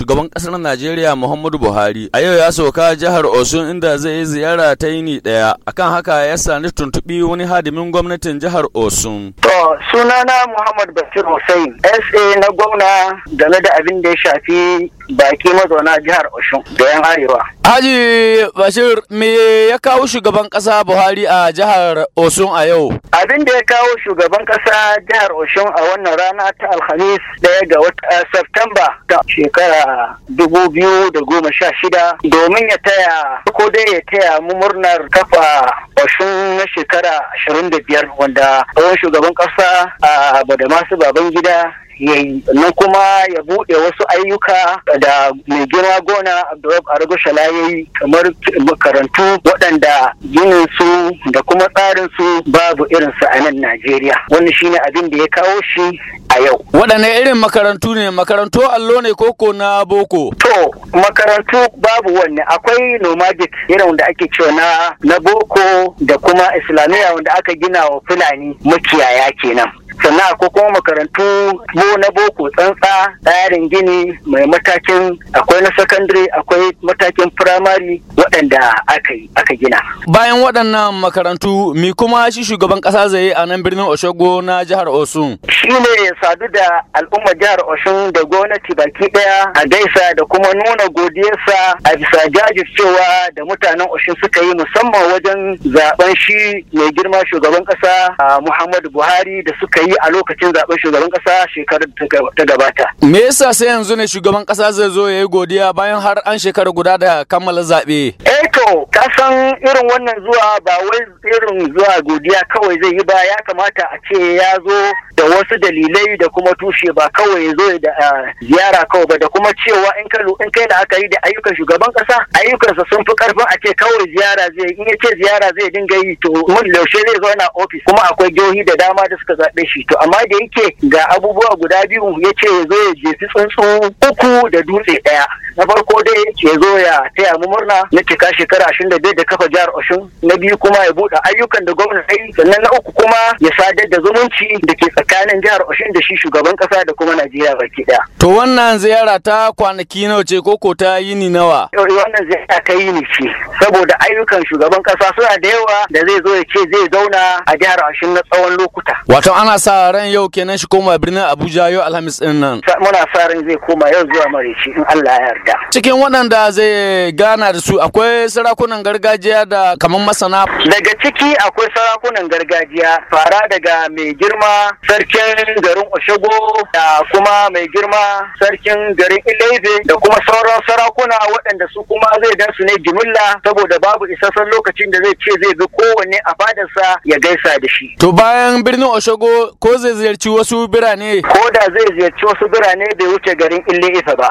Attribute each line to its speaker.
Speaker 1: Shugaban ƙasar Najeriya Muhammadu Buhari a yau ya sauka jihar Osun inda zai yi ziyara ta yini ɗaya. Akan haka ya sani tuntuɓi wani hadimin gwamnatin jihar Osun. To
Speaker 2: sunana Muhammad Bashir Hussein SA na gwamna game da abin da ya shafi baki mazauna jihar Oshun da yan arewa.
Speaker 1: Haji Bashir me ya kawo shugaban kasa Buhari a jihar Oshun a yau? Abin da ya kawo shugaban kasa
Speaker 2: jihar Oshun a wannan rana ta Alhamis daya ga wata eh, Septamba ta shekara dubu biyu da goma sha shida domin ya taya ko dai ya taya mu murnar kafa Oshun na shekara ashirin da biyar wanda tsohon shugaban kasa a ah, Badamasu Babangida ya yi na kuma ya bude wasu ayyuka da mai girma gona abdurrab arugushala ya yi kamar makarantu waɗanda ginin su da kuma tsarin su babu irin su a nan najeriya wannan shine
Speaker 1: abin da ya kawo shi a yau waɗanne irin makarantu ne makarantu allo ne koko na boko to makarantu babu wanne akwai nomadic irin wanda ake ce na
Speaker 2: na boko da kuma islamiyya wanda aka gina wa fulani makiyaya kenan sannan ko kuma makarantu bo na boko tsantsa tsarin gini mai matakin akwai na sakandare akwai matakin firamare waɗanda aka yi aka gina
Speaker 1: bayan waɗannan makarantu mi kuma shi shugaban ƙasa zai a nan birnin oshogo na jihar osun shi ne ya sadu da al'ummar jihar osun da gwamnati baki ɗaya a
Speaker 2: gaisa da kuma nuna godiyarsa a bisa jajircewa da mutanen osun suka yi musamman wajen zaben shi mai girma shugaban ƙasa ah, muhammadu buhari da suka yi yi a lokacin zaɓen shugaban kasa shekarar ta gabata.
Speaker 1: Me yasa sai yanzu ne shugaban kasa zai zo ya yi godiya bayan har an shekara guda da kammala zaɓe? Eh to san irin
Speaker 2: wannan zuwa ba wai irin zuwa godiya kawai zai yi ba ya kamata a ce ya zo da wasu dalilai da kuma tushe ba kawai ya zo da ziyara kawai ba da kuma cewa in kai in kai yi da ayyukan shugaban kasa ayyukansa sun fi karfin a ce kawai ziyara zai in ya ce ziyara zai dinga yi to mun laushe zai zo zauna ofis kuma akwai jihohi da dama da suka zaɓe shi to amma da yake ga abubuwa guda biyu ya ce ya zo ya jefi tsuntsu uku da dutse ɗaya na farko dai ya zo ya taya mu murna na cika shekara ashirin da biyar da kafa jihar Oshun na biyu kuma ya buɗe ayyukan da gwamnati yi sannan na uku kuma ya sadar da zumunci da ke tsakanin jihar Oshun da shi shugaban ƙasa da kuma Najeriya baki ɗaya.
Speaker 1: To wannan ziyara ta kwanaki nawa ce ko ko ta yini nawa? Wannan ziyara ta yini ce saboda ayyukan shugaban
Speaker 2: ƙasa suna da yawa da zai zo ya ce zai zauna a jihar Oshun na tsawon lokuta.
Speaker 1: Wato ana sa ran yau kenan shi koma birnin Abuja yau Alhamis ɗin nan. Muna sa ran zai koma yau zuwa Mareci in Allah ya yarda. Cikin waɗanda zai gana da su akwai sarakunan gargajiya da kamar masana? Daga ciki akwai sarakunan gargajiya fara daga mai girma
Speaker 2: sarkin garin Oshogo da kuma mai girma sarkin garin Ilaibe da kuma sauran sarakuna waɗanda su kuma zai dan su ne jimilla saboda babu isassan lokacin
Speaker 1: da zai ce zai bi kowanne a sa ya gaisa da shi. To bayan birnin Oshogo ko zai ziyarci wasu birane? Ko da zai ziyarci wasu birane bai wuce garin Ilaibe ba.